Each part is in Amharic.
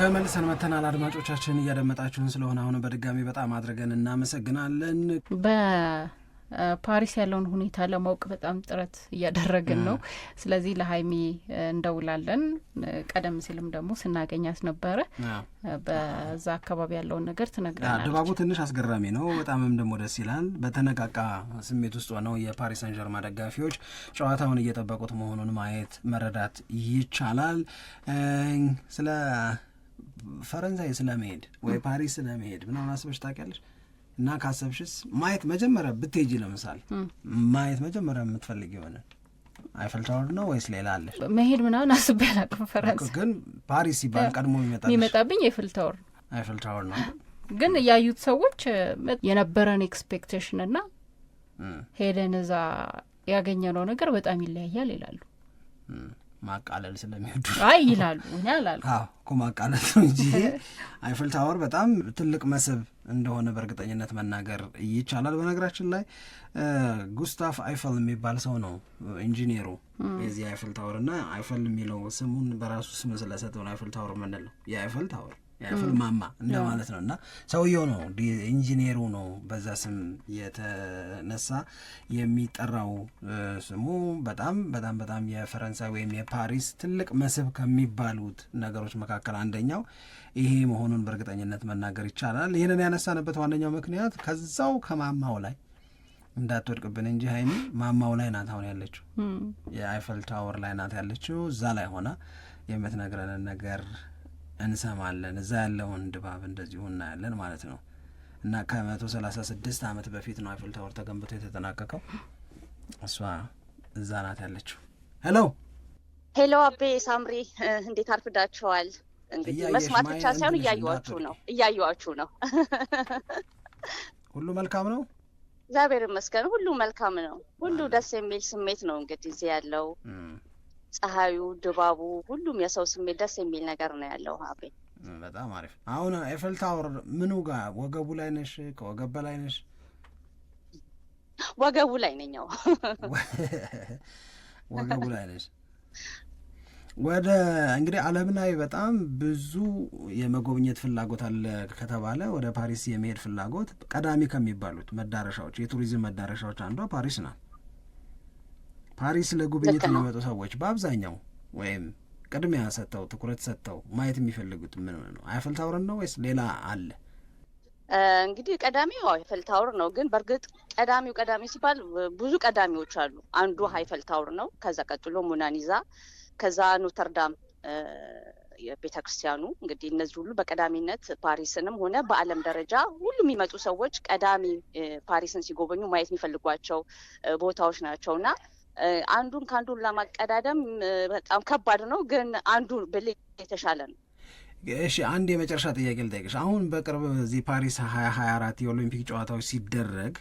ተመልሰን መተናል። አድማጮቻችን እያደመጣችሁን ስለሆነ አሁን በድጋሚ በጣም አድርገን እናመሰግናለን። ፓሪስ ያለውን ሁኔታ ለማወቅ በጣም ጥረት እያደረግን ነው። ስለዚህ ለሀይሚ እንደውላለን። ቀደም ሲልም ደግሞ ስናገኛት ነበረ። በዛ አካባቢ ያለውን ነገር ትነግራናለች። ድባቡ ትንሽ አስገራሚ ነው። በጣምም ደግሞ ደስ ይላል። በተነቃቃ ስሜት ውስጥ ሆነው የፓሪስ ሰን ደጋፊዎች ጨዋታውን እየጠበቁት መሆኑን ማየት መረዳት ይቻላል። ስለ ፈረንሳይ ስለመሄድ ወይ ፓሪስ ስለመሄድ ምናምን አስበሽ ታውቂያለሽ? እና ካሰብሽስ ማየት መጀመሪያ ብትሄጂ ለምሳሌ ማየት መጀመሪያ የምትፈልግ የሆነ አይፈል ታወር ነው ወይስ ሌላ አለ? መሄድ ምናምን አስቤ አላውቅም። ፈረንሳይ ግን ፓሪስ ሲባል ቀድሞ የሚመጣብኝ አይፈል ታወር ነው። አይፈል ታወር ነው ግን ያዩት ሰዎች የነበረን ኤክስፔክቴሽን እና ሄደን እዛ ያገኘነው ነገር በጣም ይለያያል ይላሉ። ማቃለል ስለሚወዱ አይ ይላሉ። እኔ አላልኩም ማቃለል ነው እንጂ አይፍል ታወር በጣም ትልቅ መስህብ እንደሆነ በእርግጠኝነት መናገር ይቻላል። በነገራችን ላይ ጉስታፍ አይፈል የሚባል ሰው ነው ኢንጂኒሩ የዚህ አይፍል ታወር እና አይፈል የሚለው ስሙን በራሱ ስም ስለሰጠው አይፍል ታወር ምንለው የአይፈል ታወር ክፍል ማማ ማለት ነው እና ሰውየው ነው ኢንጂኔሩ ነው በዛ ስም የተነሳ የሚጠራው ስሙ በጣም በጣም በጣም የፈረንሳይ ወይም የፓሪስ ትልቅ መስህብ ከሚባሉት ነገሮች መካከል አንደኛው ይሄ መሆኑን በእርግጠኝነት መናገር ይቻላል። ይህንን ያነሳንበት ዋነኛው ምክንያት ከዛው ከማማው ላይ እንዳትወድቅብን እንጂ ሀይሚ ማማው ላይ ናት አሁን ያለችው፣ የአይፈል ታወር ላይ ናት ያለችው። እዛ ላይ ሆና የምትነግረንን ነገር እንሰማለን። እዛ ያለውን ድባብ እንደዚሁ እናያለን ማለት ነው እና ከመቶ ሰላሳ ስድስት አመት በፊት ነው አይፍል ታወር ተገንብቶ የተጠናቀቀው። እሷ እዛ ናት ያለችው። ሄሎ ሄሎ፣ አቤ ሳምሪ፣ እንዴት አርፍዳችኋል? እንግዲህ መስማት ብቻ ሳይሆን እያየዋችሁ ነው እያየዋችሁ ነው። ሁሉ መልካም ነው። እግዚአብሔር ይመስገን፣ ሁሉ መልካም ነው። ሁሉ ደስ የሚል ስሜት ነው። እንግዲህ እዚህ ያለው ፀሐዩ፣ ድባቡ፣ ሁሉም የሰው ስሜት ደስ የሚል ነገር ነው ያለው። ሀቤ በጣም አሪፍ። አሁን ኤፍል ታወር ምኑ ጋር ወገቡ ላይ ነሽ? ከወገብ በላይ ነሽ? ወገቡ ላይ ነኛው፣ ወገቡ ላይ ነሽ። ወደ እንግዲህ ዓለም ላይ በጣም ብዙ የመጎብኘት ፍላጎት አለ ከተባለ ወደ ፓሪስ የመሄድ ፍላጎት ቀዳሚ ከሚባሉት መዳረሻዎች የቱሪዝም መዳረሻዎች አንዷ ፓሪስ ናት። ፓሪስ ለጉብኝት የሚመጡ ሰዎች በአብዛኛው ወይም ቅድሚያ ሰጥተው ትኩረት ሰጥተው ማየት የሚፈልጉት ምን ነው? አይፍል ነው ወይስ ሌላ አለ? እንግዲህ ቀዳሚው አይፈል ታወር ነው። ግን በእርግጥ ቀዳሚው ቀዳሚ ሲባል ብዙ ቀዳሚዎች አሉ። አንዱ አይፈል ነው። ከዛ ቀጥሎ ሙናኒዛ ከዛ ኖተርዳም ቤተ ክርስቲያኑ። እንግዲህ እነዚህ ሁሉ በቀዳሚነት ፓሪስንም ሆነ በዓለም ደረጃ ሁሉ የሚመጡ ሰዎች ቀዳሚ ፓሪስን ሲጎበኙ ማየት የሚፈልጓቸው ቦታዎች ናቸው እና አንዱን ከአንዱን ለማቀዳደም በጣም ከባድ ነው፣ ግን አንዱ ብልህ የተሻለ ነው። እሺ አንድ የመጨረሻ ጥያቄ ልጠይቅሽ። አሁን በቅርብ እዚህ ፓሪስ ሀያ ሀያ አራት የኦሎምፒክ ጨዋታዎች ሲደረግ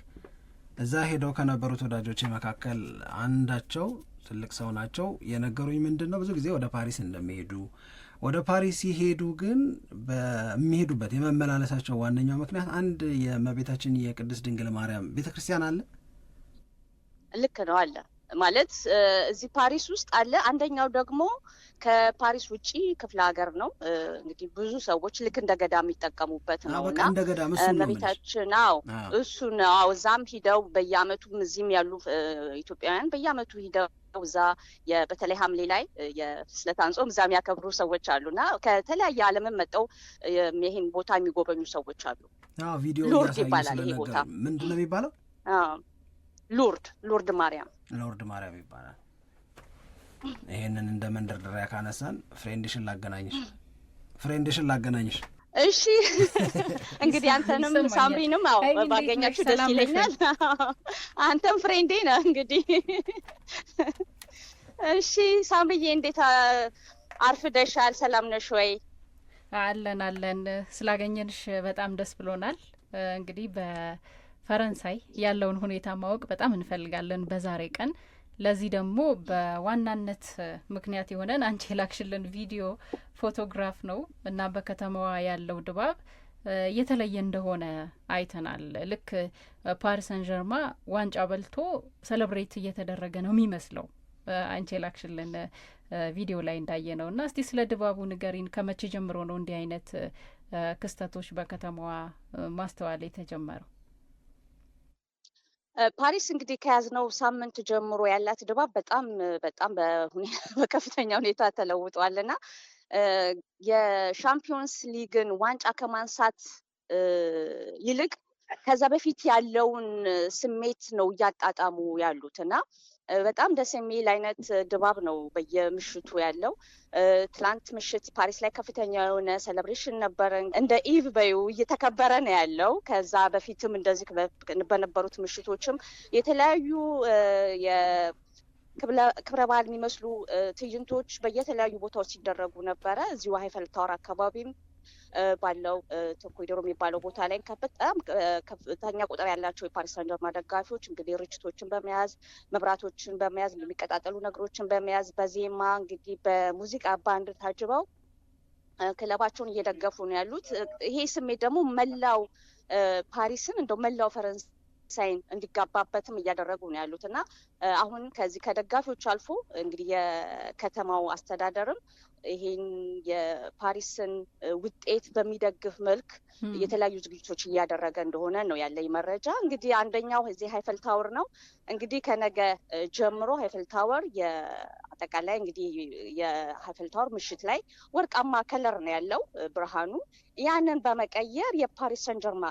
እዛ ሄደው ከነበሩት ወዳጆች መካከል አንዳቸው ትልቅ ሰው ናቸው የነገሩኝ ምንድን ነው ብዙ ጊዜ ወደ ፓሪስ እንደሚሄዱ ወደ ፓሪስ ሲሄዱ ግን በሚሄዱበት የመመላለሳቸው ዋነኛው ምክንያት አንድ የእመቤታችን የቅድስት ድንግል ማርያም ቤተ ክርስቲያን አለ። ልክ ነው አለ ማለት እዚህ ፓሪስ ውስጥ አለ። አንደኛው ደግሞ ከፓሪስ ውጪ ክፍለ ሀገር ነው። እንግዲህ ብዙ ሰዎች ልክ እንደ ገዳ የሚጠቀሙበት ነው እና መቤታችን ው እሱ ነው። እዛም ሂደው በየአመቱ እዚህም ያሉ ኢትዮጵያውያን በየአመቱ ሂደው እዛ በተለይ ሐምሌ ላይ የስለታን ጾም እዛ የሚያከብሩ ሰዎች አሉ እና ከተለያየ ዓለምን መጠው ይህን ቦታ የሚጎበኙ ሰዎች አሉ። ሉርድ ይባላል ይሄ ቦታ ምንድን ነው የሚባለው? ሉርድ ሉርድ ማርያም ሎርድ ማርያም ይባላል። ይሄንን እንደ መንደርደሪያ ካነሳን ፍሬንድሽን ላገናኝሽ ፍሬንድሽን ላገናኝሽ። እሺ እንግዲህ አንተንም ሳምሪንም አው ባገኛችሁ ደስ ይለኛል። አንተም ፍሬንዴ ነህ እንግዲህ። እሺ ሳምሪዬ፣ እንዴት አርፍደሻል? ሰላም ነሽ ወይ? አለን አለን። ስላገኘንሽ በጣም ደስ ብሎናል። እንግዲህ በ ፈረንሳይ ያለውን ሁኔታ ማወቅ በጣም እንፈልጋለን በዛሬ ቀን። ለዚህ ደግሞ በዋናነት ምክንያት የሆነን አንቺ የላክሽልን ቪዲዮ ፎቶግራፍ ነው እና በከተማዋ ያለው ድባብ የተለየ እንደሆነ አይተናል። ልክ ፓሪስ ሰን ጀርማ ዋንጫ በልቶ ሰለብሬት እየተደረገ ነው የሚመስለው አንቺ የላክሽልን ቪዲዮ ላይ እንዳየ ነው። እና እስቲ ስለ ድባቡ ንገሪን። ከመቼ ጀምሮ ነው እንዲህ አይነት ክስተቶች በከተማዋ ማስተዋል የተጀመረው? ፓሪስ እንግዲህ ከያዝነው ሳምንት ጀምሮ ያላት ድባብ በጣም በጣም በከፍተኛ ሁኔታ ተለውጧል እና የሻምፒዮንስ ሊግን ዋንጫ ከማንሳት ይልቅ ከዛ በፊት ያለውን ስሜት ነው እያጣጣሙ ያሉት እና በጣም ደስ የሚል አይነት ድባብ ነው በየምሽቱ ያለው። ትላንት ምሽት ፓሪስ ላይ ከፍተኛ የሆነ ሴሌብሬሽን ነበረ። እንደ ኢቭ በዩ እየተከበረ ነው ያለው። ከዛ በፊትም እንደዚህ በነበሩት ምሽቶችም የተለያዩ ክብረ በዓል የሚመስሉ ትዕይንቶች በየተለያዩ ቦታዎች ሲደረጉ ነበረ። እዚሁ ሃይፈል ታወር አካባቢም ባለው ኮሪደሩ የሚባለው ቦታ ላይ በጣም ከፍተኛ ቁጥር ያላቸው የፓሪስ ሳንጀርማ ደጋፊዎች እንግዲህ ርችቶችን በመያዝ መብራቶችን በመያዝ የሚቀጣጠሉ ነገሮችን በመያዝ በዜማ እንግዲህ በሙዚቃ ባንድ ታጅበው ክለባቸውን እየደገፉ ነው ያሉት። ይሄ ስሜት ደግሞ መላው ፓሪስን እንደው መላው ፈረንሳይን እንዲጋባበትም እያደረጉ ነው ያሉት እና አሁን ከዚህ ከደጋፊዎች አልፎ እንግዲህ የከተማው አስተዳደርም ይሄን የፓሪስን ውጤት በሚደግፍ መልክ የተለያዩ ዝግጅቶች እያደረገ እንደሆነ ነው ያለኝ መረጃ። እንግዲህ አንደኛው እዚህ ሀይፈል ታወር ነው። እንግዲህ ከነገ ጀምሮ ሀይፈል ታወር የአጠቃላይ እንግዲህ የሀይፈል ታወር ምሽት ላይ ወርቃማ ከለር ነው ያለው ብርሃኑ። ያንን በመቀየር የፓሪስ ሰንጀርማ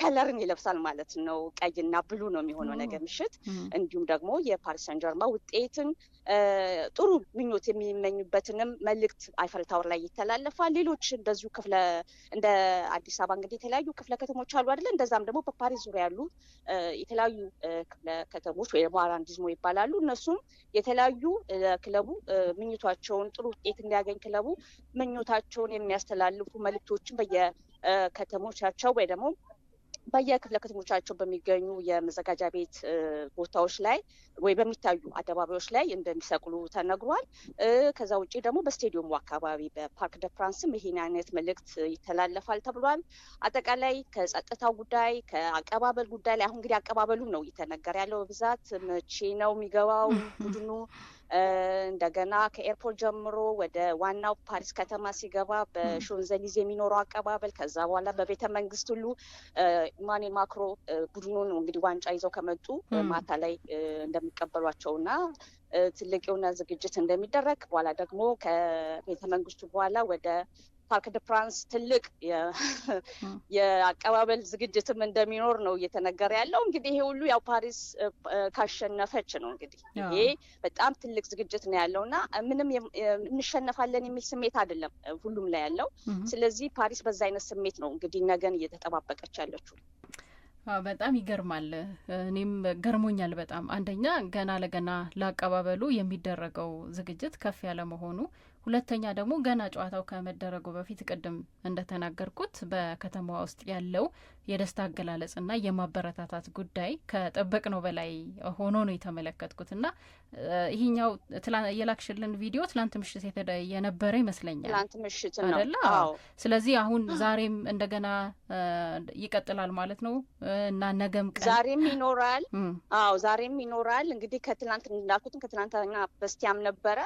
ከለርን ይለብሳል ማለት ነው። ቀይና ብሉ ነው የሚሆነው ነገ ምሽት። እንዲሁም ደግሞ የፓሪስ ሰንጀርማ ውጤትን ጥሩ ምኞት የሚመኙበትንም መልእክት አይፈል ታወር ላይ ይተላለፋል። ሌሎች እንደዚሁ ክፍለ እንደ አዲስ አበባ እንግዲህ የተለያዩ ክፍለ ከተሞች አሉ አይደለ? እንደዛም ደግሞ በፓሪስ ዙሪያ ያሉ የተለያዩ ክፍለ ከተሞች ወይ አራንዲዝሞ ይባላሉ። እነሱም የተለያዩ ክለቡ ምኞታቸውን ጥሩ ውጤት እንዲያገኝ ክለቡ ምኞታቸውን የሚያስተላልፉ መልእክቶችን በየከተሞቻቸው ወይ ደግሞ በየክፍለ ከተሞቻቸው በሚገኙ የመዘጋጃ ቤት ቦታዎች ላይ ወይ በሚታዩ አደባባዮች ላይ እንደሚሰቅሉ ተነግሯል። ከዛ ውጭ ደግሞ በስቴዲየሙ አካባቢ በፓርክ ደ ፍራንስም ይህን አይነት መልእክት ይተላለፋል ተብሏል። አጠቃላይ ከጸጥታው ጉዳይ ከአቀባበል ጉዳይ ላይ አሁን እንግዲህ አቀባበሉ ነው እየተነገረ ያለው በብዛት መቼ ነው የሚገባው ቡድኑ እንደገና ከኤርፖርት ጀምሮ ወደ ዋናው ፓሪስ ከተማ ሲገባ በሾንዘሊዝ የሚኖረው አቀባበል ከዛ በኋላ በቤተ መንግስት ሁሉ ኢማኑኤል ማክሮ ቡድኑን እንግዲህ ዋንጫ ይዘው ከመጡ ማታ ላይ እንደሚቀበሏቸውና ትልቅ የሆነ ዝግጅት እንደሚደረግ በኋላ ደግሞ ከቤተ መንግስቱ በኋላ ወደ ፓርክ ደ ፕራንስ ትልቅ የአቀባበል ዝግጅትም እንደሚኖር ነው እየተነገረ ያለው። እንግዲህ ይሄ ሁሉ ያው ፓሪስ ካሸነፈች ነው እንግዲህ ይሄ በጣም ትልቅ ዝግጅት ነው ያለው እና ምንም እንሸነፋለን የሚል ስሜት አይደለም ሁሉም ላይ ያለው። ስለዚህ ፓሪስ በዛ አይነት ስሜት ነው እንግዲህ ነገን እየተጠባበቀች ያለችው። በጣም ይገርማል። እኔም ገርሞኛል በጣም አንደኛ ገና ለገና ለአቀባበሉ የሚደረገው ዝግጅት ከፍ ያለ መሆኑ ሁለተኛ ደግሞ ገና ጨዋታው ከመደረጉ በፊት ቅድም እንደተናገርኩት በከተማዋ ውስጥ ያለው የደስታ አገላለጽና የማበረታታት ጉዳይ ነው በላይ ሆኖ ነው የተመለከትኩት ና ይህኛው የላክሽልን ቪዲዮ ትላንት ምሽት የነበረ ይመስለኛል ትላንት ምሽት አደለ? ስለዚህ አሁን ዛሬም እንደገና ይቀጥላል ማለት ነው እና ነገም ቀን ዛሬም ይኖራል። አዎ ዛሬም ይኖራል። እንግዲህ ከትላንት እንዳልኩትም ከትላንትና በስቲያም ነበረ፣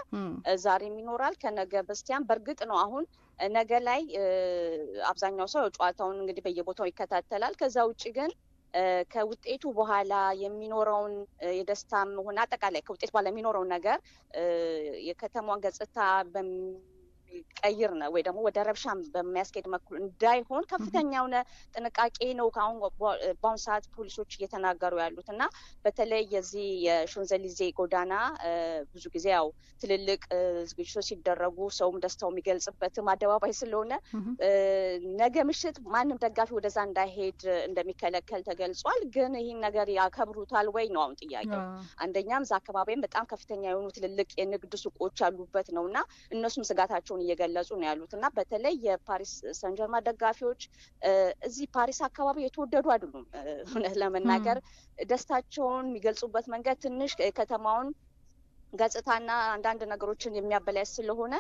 ዛሬም ይኖራል፣ ከነገ በስቲያም በእርግጥ ነው አሁን ነገ ላይ አብዛኛው ሰው ጨዋታውን እንግዲህ በየቦታው ይከታተላል። ከዛ ውጭ ግን ከውጤቱ በኋላ የሚኖረውን የደስታም ሆነ አጠቃላይ ከውጤት በኋላ የሚኖረውን ነገር የከተማዋን ገጽታ ቀይር ነው ወይ ደግሞ ወደ ረብሻ በሚያስኬድ መኩል እንዳይሆን ከፍተኛ የሆነ ጥንቃቄ ነው ከአሁን በአሁን ሰዓት ፖሊሶች እየተናገሩ ያሉት እና በተለይ የዚህ የሾንዘሊዜ ጎዳና ብዙ ጊዜ ያው ትልልቅ ዝግጅቶች ሲደረጉ ሰውም ደስታው የሚገልጽበትም አደባባይ ስለሆነ ነገ ምሽት ማንም ደጋፊ ወደዛ እንዳይሄድ እንደሚከለከል ተገልጿል። ግን ይህን ነገር ያከብሩታል ወይ ነው አሁን ጥያቄው። አንደኛም እዛ አካባቢም በጣም ከፍተኛ የሆኑ ትልልቅ የንግድ ሱቆች ያሉበት ነው እና እነሱም ስጋታቸውን መሆኑን እየገለጹ ነው ያሉት እና በተለይ የፓሪስ ሰንጀርማ ደጋፊዎች እዚህ ፓሪስ አካባቢ የተወደዱ አይደሉም። እውነት ለመናገር ደስታቸውን የሚገልጹበት መንገድ ትንሽ ከተማውን ገጽታና አንዳንድ ነገሮችን የሚያበላሽ ስለሆነ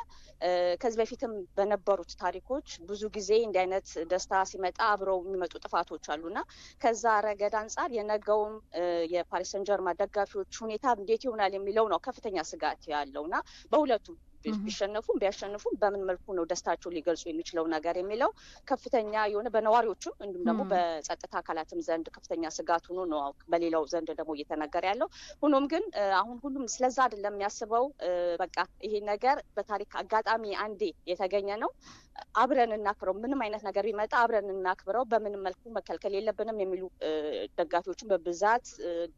ከዚህ በፊትም በነበሩት ታሪኮች ብዙ ጊዜ እንዲህ አይነት ደስታ ሲመጣ አብረው የሚመጡ ጥፋቶች አሉና ከዛ ረገድ አንጻር የነገውም የፓሪስ ሰንጀርማ ደጋፊዎች ሁኔታ እንዴት ይሆናል የሚለው ነው ከፍተኛ ስጋት ያለውና በሁለቱም ቢሸነፉም ቢያሸንፉም በምን መልኩ ነው ደስታቸው ሊገልጹ የሚችለው ነገር የሚለው ከፍተኛ የሆነ በነዋሪዎችም እንዲሁም ደግሞ በጸጥታ አካላትም ዘንድ ከፍተኛ ስጋት ሆኖ ነው በሌላው ዘንድ ደግሞ እየተነገረ ያለው። ሆኖም ግን አሁን ሁሉም ስለዛ አይደለም የሚያስበው። በቃ ይሄ ነገር በታሪክ አጋጣሚ አንዴ የተገኘ ነው፣ አብረን እናክብረው፣ ምንም አይነት ነገር ቢመጣ አብረን እናክብረው፣ በምንም መልኩ መከልከል የለብንም የሚሉ ደጋፊዎችን በብዛት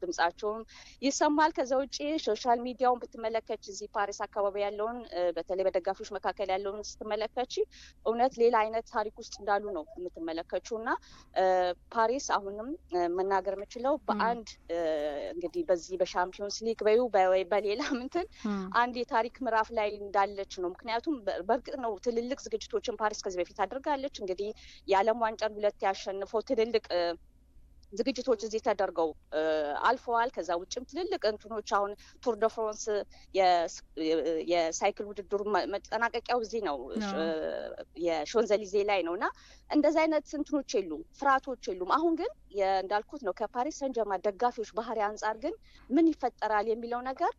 ድምጻቸውም ይሰማል። ከዛ ውጭ ሶሻል ሚዲያውን ብትመለከች እዚህ ፓሪስ አካባቢ ያለውን በተለይ በደጋፊዎች መካከል ያለውን ስትመለከች እውነት ሌላ አይነት ታሪክ ውስጥ እንዳሉ ነው የምትመለከችው እና ፓሪስ አሁንም መናገር የምችለው በአንድ እንግዲህ በዚህ በሻምፒዮንስ ሊግ በዩ በሌላ ምንትን አንድ የታሪክ ምዕራፍ ላይ እንዳለች ነው። ምክንያቱም በእርግጥ ነው ትልልቅ ዝግጅቶችን ፓሪስ ከዚህ በፊት አድርጋለች። እንግዲህ የዓለም ዋንጫን ሁለት ያሸንፈው ትልልቅ ዝግጅቶች እዚህ ተደርገው አልፈዋል። ከዛ ውጭም ትልልቅ እንትኖች አሁን ቱር ደ ፍራንስ የሳይክል ውድድሩ መጠናቀቂያው እዚህ ነው፣ የሾንዘሊዜ ላይ ነው እና እንደዚ አይነት እንትኖች የሉም፣ ፍርሃቶች የሉም። አሁን ግን እንዳልኩት ነው ከፓሪስ ሰንጀማ ደጋፊዎች ባህሪ አንጻር ግን ምን ይፈጠራል የሚለው ነገር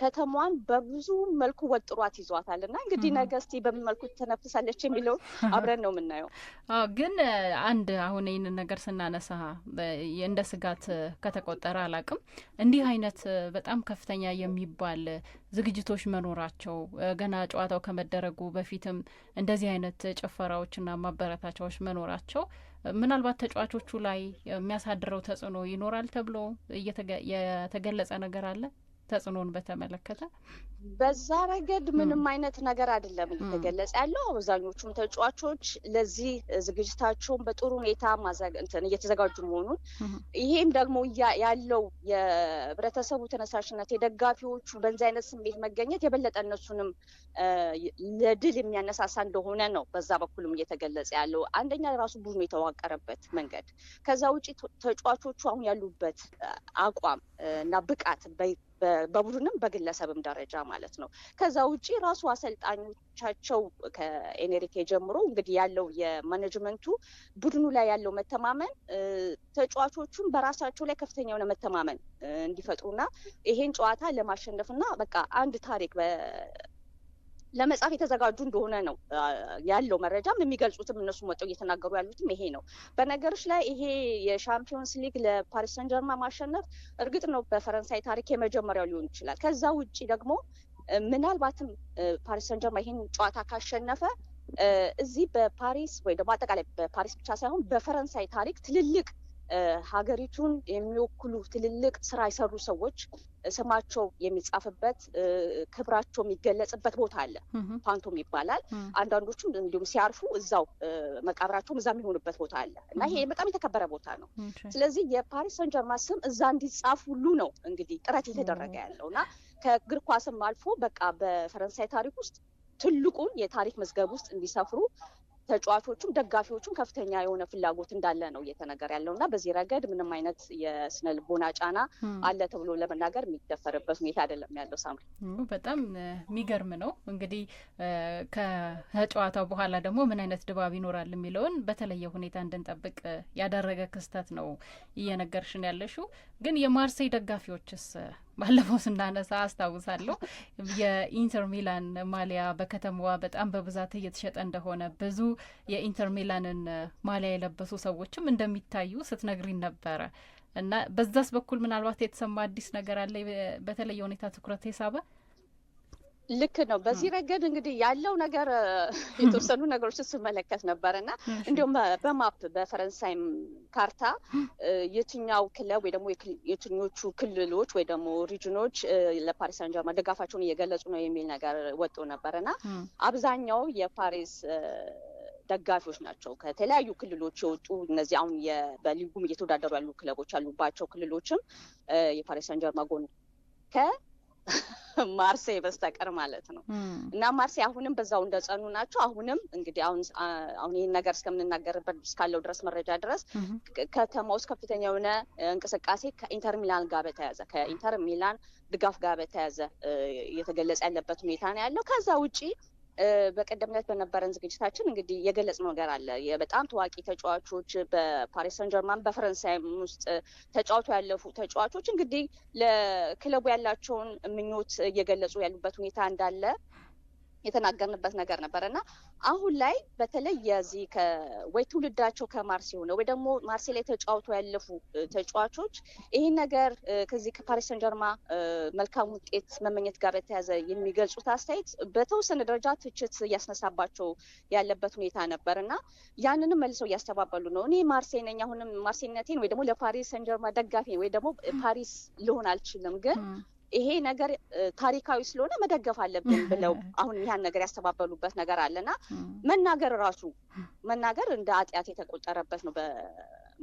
ከተማዋን በብዙ መልኩ ወጥሯት ይዟታል እና እንግዲህ ነገ እስቲ በምን መልኩ ተነፍሳለች የሚለው አብረን ነው የምናየው። አዎ ግን አንድ አሁን ይህንን ነገር ስናነሳ እንደ ስጋት ከተቆጠረ አላቅም እንዲህ አይነት በጣም ከፍተኛ የሚባል ዝግጅቶች መኖራቸው ገና ጨዋታው ከመደረጉ በፊትም እንደዚህ አይነት ጭፈራዎችና ማበረታቻዎች መኖራቸው ምናልባት ተጫዋቾቹ ላይ የሚያሳድረው ተጽዕኖ ይኖራል ተብሎ የተገለጸ ነገር አለ። ተጽዕኖን በተመለከተ በዛ ረገድ ምንም አይነት ነገር አይደለም እየተገለጸ ያለው። አብዛኞቹም ተጫዋቾች ለዚህ ዝግጅታቸውን በጥሩ ሁኔታ እየተዘጋጁ መሆኑን ይሄም ደግሞ ያለው የህብረተሰቡ ተነሳሽነት፣ የደጋፊዎቹ በዚህ አይነት ስሜት መገኘት የበለጠ እነሱንም ለድል የሚያነሳሳ እንደሆነ ነው በዛ በኩልም እየተገለጸ ያለው። አንደኛ ራሱ ቡድኑ የተዋቀረበት መንገድ፣ ከዛ ውጭ ተጫዋቾቹ አሁን ያሉበት አቋም እና ብቃት በቡድንም በግለሰብም ደረጃ ማለት ነው። ከዛ ውጭ ራሱ አሰልጣኞቻቸው ከኤኔሪኬ ጀምሮ እንግዲህ ያለው የማኔጅመንቱ ቡድኑ ላይ ያለው መተማመን ተጫዋቾቹን በራሳቸው ላይ ከፍተኛ የሆነ መተማመን እንዲፈጥሩና ይሄን ጨዋታ ለማሸነፍና በቃ አንድ ታሪክ ለመጻፍ የተዘጋጁ እንደሆነ ነው ያለው መረጃም የሚገልጹትም እነሱ ወጥተው እየተናገሩ ያሉትም ይሄ ነው። በነገሮች ላይ ይሄ የሻምፒዮንስ ሊግ ለፓሪስ ሰንጀርማ ማሸነፍ እርግጥ ነው በፈረንሳይ ታሪክ የመጀመሪያው ሊሆን ይችላል። ከዛ ውጭ ደግሞ ምናልባትም ፓሪስ ሰንጀርማ ጀርማ ይሄን ጨዋታ ካሸነፈ እዚህ በፓሪስ ወይ ደግሞ አጠቃላይ በፓሪስ ብቻ ሳይሆን በፈረንሳይ ታሪክ ትልልቅ ሀገሪቱን የሚወክሉ ትልልቅ ስራ የሰሩ ሰዎች ስማቸው የሚጻፍበት ክብራቸው የሚገለጽበት ቦታ አለ። ፓንቶም ይባላል። አንዳንዶቹም እንዲሁም ሲያርፉ እዛው መቃብራቸውም እዛ የሚሆኑበት ቦታ አለ እና ይሄ በጣም የተከበረ ቦታ ነው። ስለዚህ የፓሪስ ሰንጀርማ ስም እዛ እንዲጻፍ ሁሉ ነው እንግዲህ ጥረት የተደረገ ያለው እና ከእግር ኳስም አልፎ በቃ በፈረንሳይ ታሪክ ውስጥ ትልቁን የታሪክ መዝገብ ውስጥ እንዲሰፍሩ ተጫዋቾቹም ደጋፊዎቹም ከፍተኛ የሆነ ፍላጎት እንዳለ ነው እየተነገር ያለው እና በዚህ ረገድ ምንም አይነት የስነ ልቦና ጫና አለ ተብሎ ለመናገር የሚደፈርበት ሁኔታ አይደለም ያለው። ሳምሪ በጣም የሚገርም ነው። እንግዲህ ከጨዋታው በኋላ ደግሞ ምን አይነት ድባብ ይኖራል የሚለውን በተለየ ሁኔታ እንድንጠብቅ ያደረገ ክስተት ነው እየነገርሽን ያለሽው። ግን የማርሴይ ደጋፊዎችስ ባለፈው ስናነሳ አስታውሳለሁ የኢንተር ሚላን ማሊያ በከተማዋ በጣም በብዛት እየተሸጠ እንደሆነ ብዙ የኢንተር ሚላንን ማሊያ የለበሱ ሰዎችም እንደሚታዩ ስትነግሪን ነበረ እና በዛስ በኩል ምናልባት የተሰማ አዲስ ነገር አለ በተለየ ሁኔታ ትኩረት የሳበ ልክ ነው። በዚህ ረገድ እንግዲህ ያለው ነገር የተወሰኑ ነገሮችን ስመለከት ነበር እና እንዲሁም በማፕ በፈረንሳይም ካርታ የትኛው ክለብ ወይ ደግሞ የትኞቹ ክልሎች ወይ ደግሞ ሪጅኖች ለፓሪስ ሳንጀርማ ድጋፋቸውን እየገለጹ ነው የሚል ነገር ወጡ ነበር እና አብዛኛው የፓሪስ ደጋፊዎች ናቸው። ከተለያዩ ክልሎች የወጡ እነዚህ አሁን በሊጉም እየተወዳደሩ ያሉ ክለቦች ያሉባቸው ክልሎችም የፓሪስ ሳንጀርማ ጎን ከ ማርሴ በስተቀር ማለት ነው። እና ማርሴ አሁንም በዛው እንደጸኑ ናቸው። አሁንም እንግዲህ አሁን አሁን ይህን ነገር እስከምንናገርበት እስካለው ድረስ መረጃ ድረስ ከተማ ውስጥ ከፍተኛ የሆነ እንቅስቃሴ ከኢንተር ሚላን ጋር በተያዘ ከኢንተር ሚላን ድጋፍ ጋር በተያዘ እየተገለጸ ያለበት ሁኔታ ነው ያለው። ከዛ ውጪ በቀደምነት በነበረን ዝግጅታችን እንግዲህ የገለጽ ነገር አለ። በጣም ታዋቂ ተጫዋቾች በፓሪስ ሰን ጀርማን በፈረንሳይም ውስጥ ተጫውቶ ያለፉ ተጫዋቾች እንግዲህ ለክለቡ ያላቸውን ምኞት እየገለጹ ያሉበት ሁኔታ እንዳለ የተናገርንበት ነገር ነበር እና አሁን ላይ በተለይ የዚህ ወይ ትውልዳቸው ከማርሴ የሆነ ወይ ደግሞ ማርሴ ላይ ተጫውቶ ያለፉ ተጫዋቾች ይህን ነገር ከዚህ ከፓሪስ ሰን መልካም ውጤት መመኘት ጋር በተያያዘ የሚገልጹት አስተያየት በተወሰነ ደረጃ ትችት እያስነሳባቸው ያለበት ሁኔታ ነበር እና ያንንም መልሰው እያስተባበሉ ነው። እኔ ማርሴ ነኝ፣ አሁንም ማርሴነቴን ወይ ደግሞ ለፓሪስ ሰን ደጋፊ ወይ ደግሞ ፓሪስ ልሆን አልችልም ግን ይሄ ነገር ታሪካዊ ስለሆነ መደገፍ አለብን ብለው አሁን ያን ነገር ያስተባበሉበት ነገር አለና መናገር ራሱ መናገር እንደ አጢአት የተቆጠረበት ነው።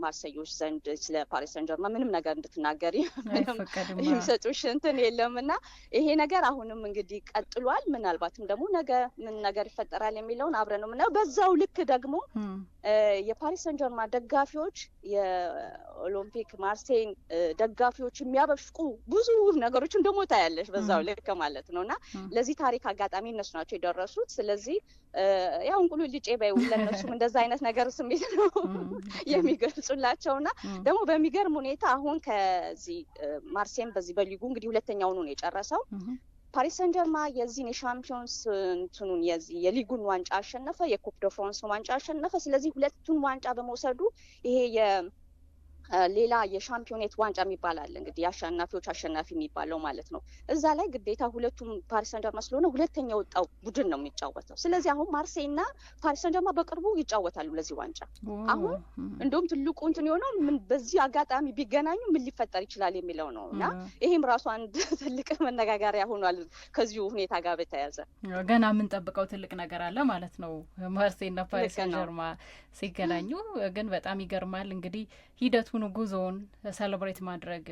ማርሰዮች ዘንድ ስለ ፓሪስ ሰንጀርማ ምንም ነገር እንድትናገሪ የሚሰጡሽ እንትን የለም እና ይሄ ነገር አሁንም እንግዲህ ቀጥሏል። ምናልባትም ደግሞ ነገ ምን ነገር ይፈጠራል የሚለውን አብረን ነው በዛው ልክ ደግሞ የፓሪስ ሰንጀርማ ደጋፊዎች የኦሎምፒክ ማርሴይን ደጋፊዎች የሚያበሽቁ ብዙ ነገሮችን ደግሞ ታያለሽ በዛው ልክ ማለት ነው እና ለዚህ ታሪክ አጋጣሚ እነሱ ናቸው የደረሱት። ስለዚህ ያው እንቁልልጬ በይው ለእነሱም እንደዛ አይነት ነገር ስሜት ነው የሚገልጹ ይገልጹላቸው እና ደግሞ በሚገርም ሁኔታ አሁን ከዚህ ማርሴን በዚህ በሊጉ እንግዲህ ሁለተኛውን ነው የጨረሰው። ፓሪስ ሰንጀርማ የዚህን የሻምፒዮንስ እንትኑን የዚህ የሊጉን ዋንጫ አሸነፈ፣ የኮፕ ደ ፍራንስ ዋንጫ አሸነፈ። ስለዚህ ሁለቱን ዋንጫ በመውሰዱ ይሄ ሌላ የሻምፒዮኔት ዋንጫ የሚባል አለ እንግዲህ የአሸናፊዎች አሸናፊ የሚባለው ማለት ነው። እዛ ላይ ግዴታ ሁለቱም ፓሪሰንጀርማ ስለሆነ ሁለተኛ የወጣው ቡድን ነው የሚጫወተው። ስለዚህ አሁን ማርሴይ እና ፓሪስ በቅርቡ ይጫወታሉ ለዚህ ዋንጫ። አሁን እንደውም ትልቁ እንትን የሆነው በዚህ አጋጣሚ ቢገናኙ ምን ሊፈጠር ይችላል የሚለው ነው እና ይሄም ራሱ አንድ ትልቅ መነጋገሪያ ሆኗል ከዚሁ ሁኔታ ጋር በተያያዘ ገና የምንጠብቀው ትልቅ ነገር አለ ማለት ነው። ማርሴይ እና ፓሪሰንጀርማ ሲገናኙ ግን በጣም ይገርማል እንግዲህ ሂደቱ የቱርኩን ጉዞውን ሰለብሬት ማድረግ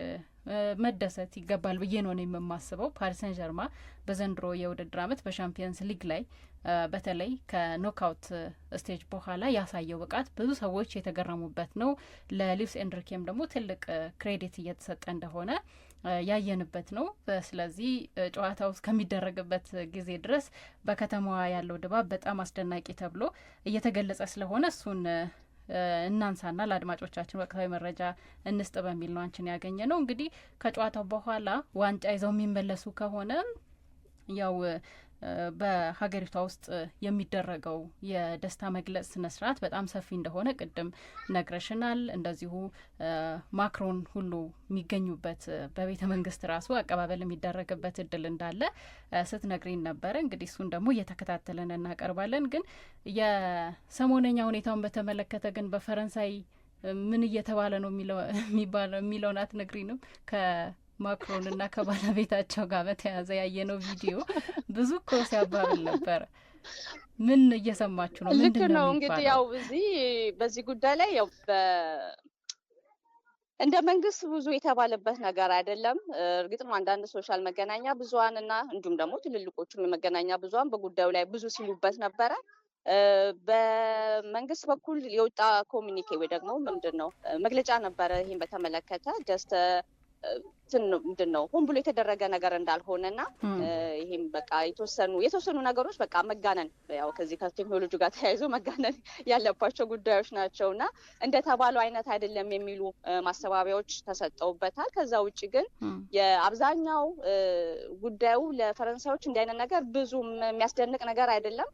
መደሰት ይገባል ብዬ ነው የምማስበው። ፓሪሰን ጀርማ በዘንድሮ የውድድር አመት በሻምፒየንስ ሊግ ላይ በተለይ ከኖክአውት ስቴጅ በኋላ ያሳየው ብቃት ብዙ ሰዎች የተገረሙበት ነው። ለሉዊስ ኤንሪኬም ደግሞ ትልቅ ክሬዲት እየተሰጠ እንደሆነ ያየንበት ነው። ስለዚህ ጨዋታው እስከሚደረግበት ጊዜ ድረስ በከተማዋ ያለው ድባብ በጣም አስደናቂ ተብሎ እየተገለጸ ስለሆነ እሱን እናንሳና ለአድማጮቻችን ወቅታዊ መረጃ እንስጥ በሚል ነው አንችን ያገኘ ነው። እንግዲህ ከጨዋታው በኋላ ዋንጫ ይዘው የሚመለሱ ከሆነ ያው በሀገሪቷ ውስጥ የሚደረገው የደስታ መግለጽ ስነ በጣም ሰፊ እንደሆነ ቅድም ነግረሽናል። እንደዚሁ ማክሮን ሁሉ የሚገኙበት በቤተ መንግስት ራሱ አቀባበል የሚደረግበት እድል እንዳለ ስትነግሪን ነበረ። እንግዲህ እሱን ደግሞ እየተከታተለን እናቀርባለን። ግን የሰሞነኛ ሁኔታውን በተመለከተ ግን በፈረንሳይ ምን እየተባለ ነው የሚለውን አትነግሪንም ከ ማክሮን እና ከባለቤታቸው ጋር በተያያዘ ያየነው ቪዲዮ ብዙ እኮ ሲያባብል ነበረ። ምን እየሰማችሁ ነው? ልክ ነው እንግዲህ ያው እዚህ በዚህ ጉዳይ ላይ ያው እንደ መንግስት ብዙ የተባለበት ነገር አይደለም። እርግጥ አንዳንድ ሶሻል መገናኛ ብዙሀን እና እንዲሁም ደግሞ ትልልቆቹም የመገናኛ ብዙሀን በጉዳዩ ላይ ብዙ ሲሉበት ነበረ። በመንግስት በኩል የወጣ ኮሚኒኬ ወይ ደግሞ ምንድን ነው መግለጫ ነበረ። ይህን በተመለከተ ጀስት ምንድን ነው ሆን ብሎ የተደረገ ነገር እንዳልሆነና ይህም በቃ የተወሰኑ የተወሰኑ ነገሮች በቃ መጋነን ያው ከዚህ ከቴክኖሎጂ ጋር ተያይዞ መጋነን ያለባቸው ጉዳዮች ናቸው እና እንደተባለው አይነት አይደለም የሚሉ ማስተባበያዎች ተሰጠውበታል። ከዛ ውጭ ግን የአብዛኛው ጉዳዩ ለፈረንሳዮች እንዲ አይነት ነገር ብዙ የሚያስደንቅ ነገር አይደለም።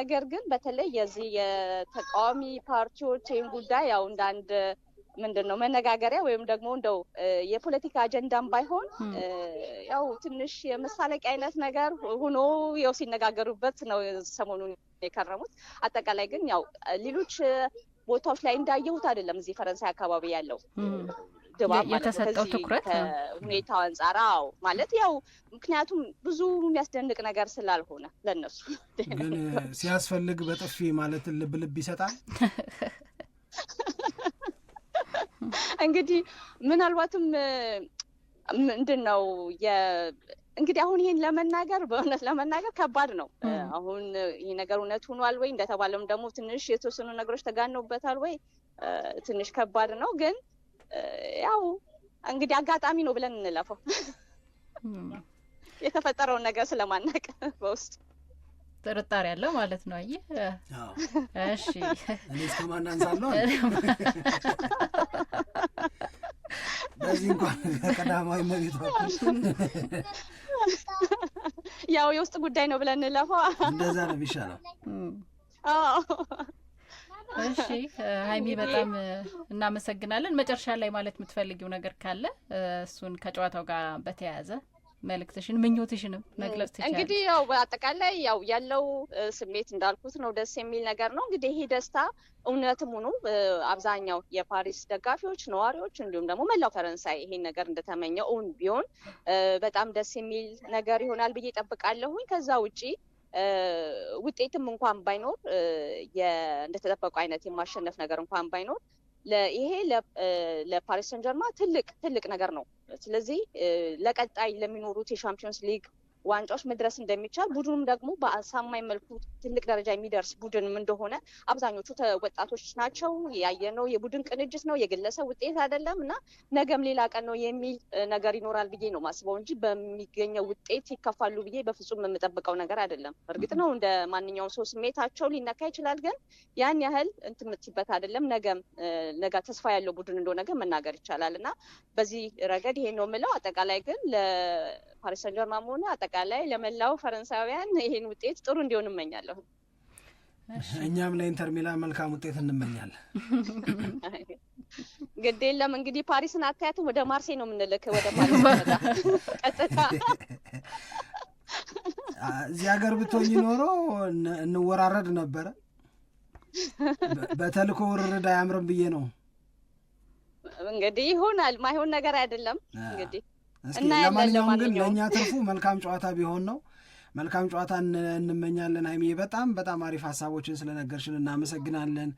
ነገር ግን በተለይ የዚህ የተቃዋሚ ፓርቲዎች ይህም ጉዳይ ያው እንዳንድ ምንድን ነው መነጋገሪያ ወይም ደግሞ እንደው የፖለቲካ አጀንዳም ባይሆን ያው ትንሽ የመሳለቂያ አይነት ነገር ሆኖ ያው ሲነጋገሩበት ነው ሰሞኑን የከረሙት። አጠቃላይ ግን ያው ሌሎች ቦታዎች ላይ እንዳየሁት አይደለም እዚህ ፈረንሳይ አካባቢ ያለው የተሰጠው ትኩረት ሁኔታው አንጻር አዎ፣ ማለት ያው ምክንያቱም ብዙ የሚያስደንቅ ነገር ስላልሆነ ለነሱ ግን ሲያስፈልግ በጥፊ ማለት ልብ ልብ ይሰጣል። እንግዲህ ምናልባትም ምንድን ነው እንግዲህ አሁን ይህን ለመናገር በእውነት ለመናገር ከባድ ነው። አሁን ይህ ነገር እውነት ሁኗል ወይ እንደተባለም ደግሞ ትንሽ የተወሰኑ ነገሮች ተጋነውበታል ወይ ትንሽ ከባድ ነው። ግን ያው እንግዲህ አጋጣሚ ነው ብለን እንለፈው የተፈጠረውን ነገር ስለማናቅ በውስጡ ጥርጣሬ ያለው ማለት ነው። አየ እሺ፣ እኔ እስከማናንሳለሁ ቀዳማዊ እመቤት ያው የውስጥ ጉዳይ ነው ብለን እንለፈው። እንደዛ ነው የሚሻለው። እሺ ሀይሚ በጣም እናመሰግናለን። መጨረሻ ላይ ማለት የምትፈልጊው ነገር ካለ እሱን ከጨዋታው ጋር በተያያዘ መልእክትሽን ምኞትሽንም መግለጽ እንግዲህ ያው አጠቃላይ ያው ያለው ስሜት እንዳልኩት ነው፣ ደስ የሚል ነገር ነው። እንግዲህ ይሄ ደስታ እውነትም ሆኖ አብዛኛው የፓሪስ ደጋፊዎች፣ ነዋሪዎች እንዲሁም ደግሞ መላው ፈረንሳይ ይሄን ነገር እንደተመኘው እውን ቢሆን በጣም ደስ የሚል ነገር ይሆናል ብዬ ጠብቃለሁኝ። ከዛ ውጪ ውጤትም እንኳን ባይኖር እንደተጠበቁ አይነት የማሸነፍ ነገር እንኳን ባይኖር ይሄ ለፓሪስ ሰንጀርማ ትልቅ ትልቅ ነገር ነው። ስለዚህ ለቀጣይ ለሚኖሩት የሻምፒዮንስ ሊግ ዋንጫዎች መድረስ እንደሚቻል ቡድኑም ደግሞ በአሳማኝ መልኩ ትልቅ ደረጃ የሚደርስ ቡድንም እንደሆነ አብዛኞቹ ወጣቶች ናቸው ያየነው። የቡድን ቅንጅት ነው፣ የግለሰብ ውጤት አይደለም እና ነገም ሌላ ቀን ነው የሚል ነገር ይኖራል ብዬ ነው ማስበው እንጂ በሚገኘው ውጤት ይከፋሉ ብዬ በፍጹም የምጠብቀው ነገር አይደለም። እርግጥ ነው እንደ ማንኛውም ሰው ስሜታቸው ሊነካ ይችላል፣ ግን ያን ያህል እንትን የምትይበት አይደለም። ነገም ነገ ተስፋ ያለው ቡድን እንደሆነ ግን መናገር ይቻላል እና በዚህ ረገድ ይሄ ነው የምለው። አጠቃላይ ግን ፓሪስ ሰንጀርማም ሆነ አጠቃላይ ለመላው ፈረንሳውያን ይህን ውጤት ጥሩ እንዲሆን እመኛለሁ። እኛም ለኢንተር ሚላን መልካም ውጤት እንመኛለን። ግድ የለም እንግዲህ ፓሪስን አታያትም። ወደ ማርሴ ነው የምንልክ። ወደ እዚህ ሀገር ብትሆኝ ኖሮ እንወራረድ ነበረ። በተልኮ ውርርድ አያምርም ብዬ ነው እንግዲህ ይሆናል። ማይሆን ነገር አይደለም እንግዲህ ለማንኛውም ግን ለእኛ ትርፉ መልካም ጨዋታ ቢሆን ነው። መልካም ጨዋታ እንመኛለን። ሀይሚዬ በጣም በጣም አሪፍ ሀሳቦችን ስለነገርሽን እናመሰግናለን።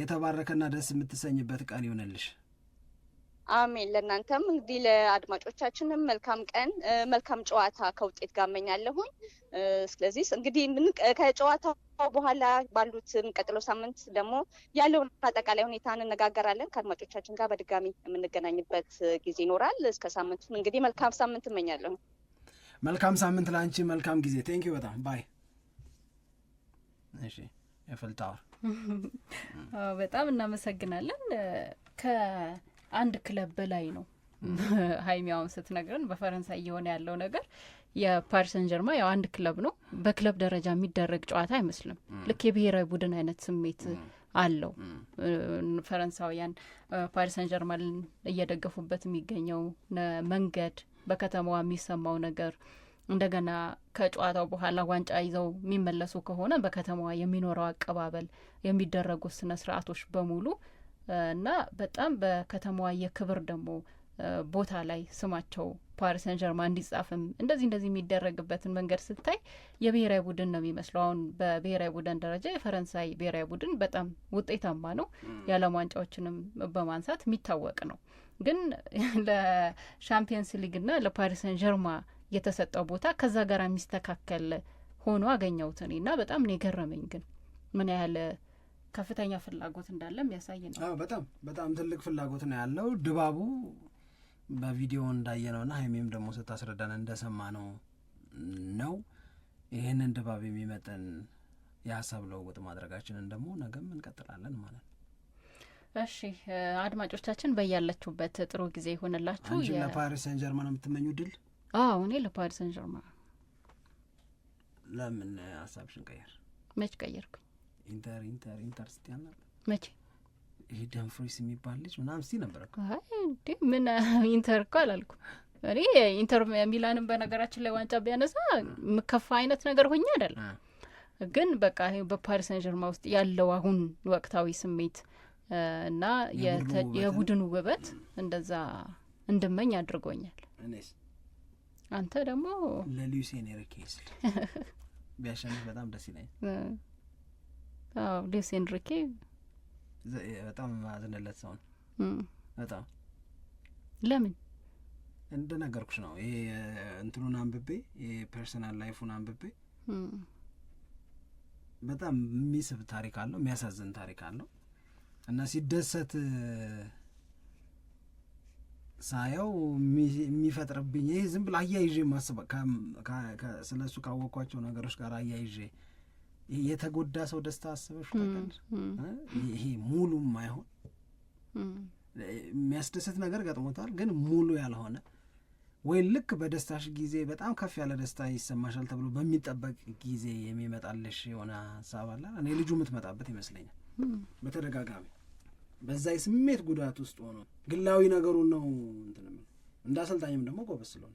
የተባረከና ደስ የምትሰኝበት ቀን ይሆንልሽ። አሜን። ለእናንተም እንግዲህ ለአድማጮቻችንም መልካም ቀን መልካም ጨዋታ ከውጤት ጋር እመኛለሁኝ። ስለዚህ እንግዲህ ከጨዋታ በኋላ ባሉትም ቀጥሎ ሳምንት ደግሞ ያለውን አጠቃላይ ሁኔታ እንነጋገራለን። ከአድማጮቻችን ጋር በድጋሚ የምንገናኝበት ጊዜ ይኖራል። እስከ ሳምንቱ እንግዲህ መልካም ሳምንት እመኛለሁ። መልካም ሳምንት ለአንቺ፣ መልካም ጊዜ። ቴንክ ዩ በጣም ባይ። እሺ የፍልታወር በጣም እናመሰግናለን። ከአንድ ክለብ በላይ ነው ሀይሚያውን ስትነግረን በፈረንሳይ እየሆነ ያለው ነገር የፓሪሰን ጀርማ ያው አንድ ክለብ ነው። በክለብ ደረጃ የሚደረግ ጨዋታ አይመስልም። ልክ የብሔራዊ ቡድን አይነት ስሜት አለው። ፈረንሳውያን ፓሪሰን ጀርማን እየደገፉበት የሚገኘው መንገድ፣ በከተማዋ የሚሰማው ነገር እንደገና ከጨዋታው በኋላ ዋንጫ ይዘው የሚመለሱ ከሆነ በከተማዋ የሚኖረው አቀባበል፣ የሚደረጉ ስነ ስርዓቶች በሙሉ እና በጣም በከተማዋ የክብር ደግሞ ቦታ ላይ ስማቸው ፓሪስ ጀርማ እንዲጻፍም እንደዚህ እንደዚህ የሚደረግበትን መንገድ ስታይ የብሔራዊ ቡድን ነው የሚመስለው። አሁን በብሔራዊ ቡድን ደረጃ የፈረንሳይ ብሔራዊ ቡድን በጣም ውጤታማ ነው፣ የዓለም ዋንጫዎችንም በማንሳት የሚታወቅ ነው። ግን ለሻምፒየንስ ሊግና ለፓሪስ ጀርማ የተሰጠው ቦታ ከዛ ጋር የሚስተካከል ሆኖ አገኘሁት እኔ እና በጣም ነው የገረመኝ። ግን ምን ያህል ከፍተኛ ፍላጎት እንዳለ የሚያሳይ ነው። በጣም በጣም ትልቅ ፍላጎት ነው ያለው ድባቡ በቪዲዮ እንዳየ እንዳየነውና ሀይሜም ደግሞ ስታስረዳን እንደሰማ ነው ነው ይህንን ድባብ የሚመጥን የሀሳብ ለውውጥ ማድረጋችንን ደግሞ ነገም እንቀጥላለን ማለት ነው። እሺ አድማጮቻችን በያላችሁበት ጥሩ ጊዜ ይሆንላችሁ። ለፓሪስ ሰን ጀርማን የምትመኙ ድል? አዎ እኔ ለፓሪስ ሰን ጀርማን። ለምን ሀሳብሽን ቀየር? መች ቀየርኩኝ? ኢንተር ኢንተር ኢንተር ስትያል ነበር መቼ ይሄ ደንፍሪስ የሚባል ልጅ ምናምን ስቲ ነበረ እንዴ ምን ኢንተር እኮ አላልኩ እኔ ኢንተር ሚላንም በነገራችን ላይ ዋንጫ ቢያነሳ የምከፋ አይነት ነገር ሆኜ አይደለም ግን በቃ በፓሪስ ሰን ጀርማ ውስጥ ያለው አሁን ወቅታዊ ስሜት እና የቡድኑ ውበት እንደዛ እንድመኝ አድርጎኛል። አንተ ደግሞ ለሊዩሴን ሪኬስ ቢያሸንፍ በጣም ደስ ይለኛል። ሊዩሴን ሪኬ በጣም ማዝንለት ሰው ነው። በጣም ለምን እንደ ነገርኩሽ ነው። ይሄ እንትኑን አንብቤ የፐርሰናል ላይፉን አንብቤ በጣም የሚስብ ታሪክ አለው፣ የሚያሳዝን ታሪክ አለው እና ሲደሰት ሳየው የሚፈጥርብኝ ይህ ዝም ብሎ አያይዤ ማስበ ስለ እሱ ካወቅኳቸው ነገሮች ጋር አያይዤ የተጎዳ ሰው ደስታ አስበሽ ይሄ ሙሉ ማይሆን የሚያስደስት ነገር ገጥሞታል፣ ግን ሙሉ ያልሆነ ወይ ልክ በደስታሽ ጊዜ በጣም ከፍ ያለ ደስታ ይሰማሻል ተብሎ በሚጠበቅ ጊዜ የሚመጣልሽ የሆነ ሀሳብ አለ። እኔ ልጁ የምትመጣበት ይመስለኛል በተደጋጋሚ በዛ የስሜት ጉዳት ውስጥ ሆኖ ግላዊ ነገሩን ነው እንዳሰልጣኝም ደግሞ ጎበስ ስለሆነ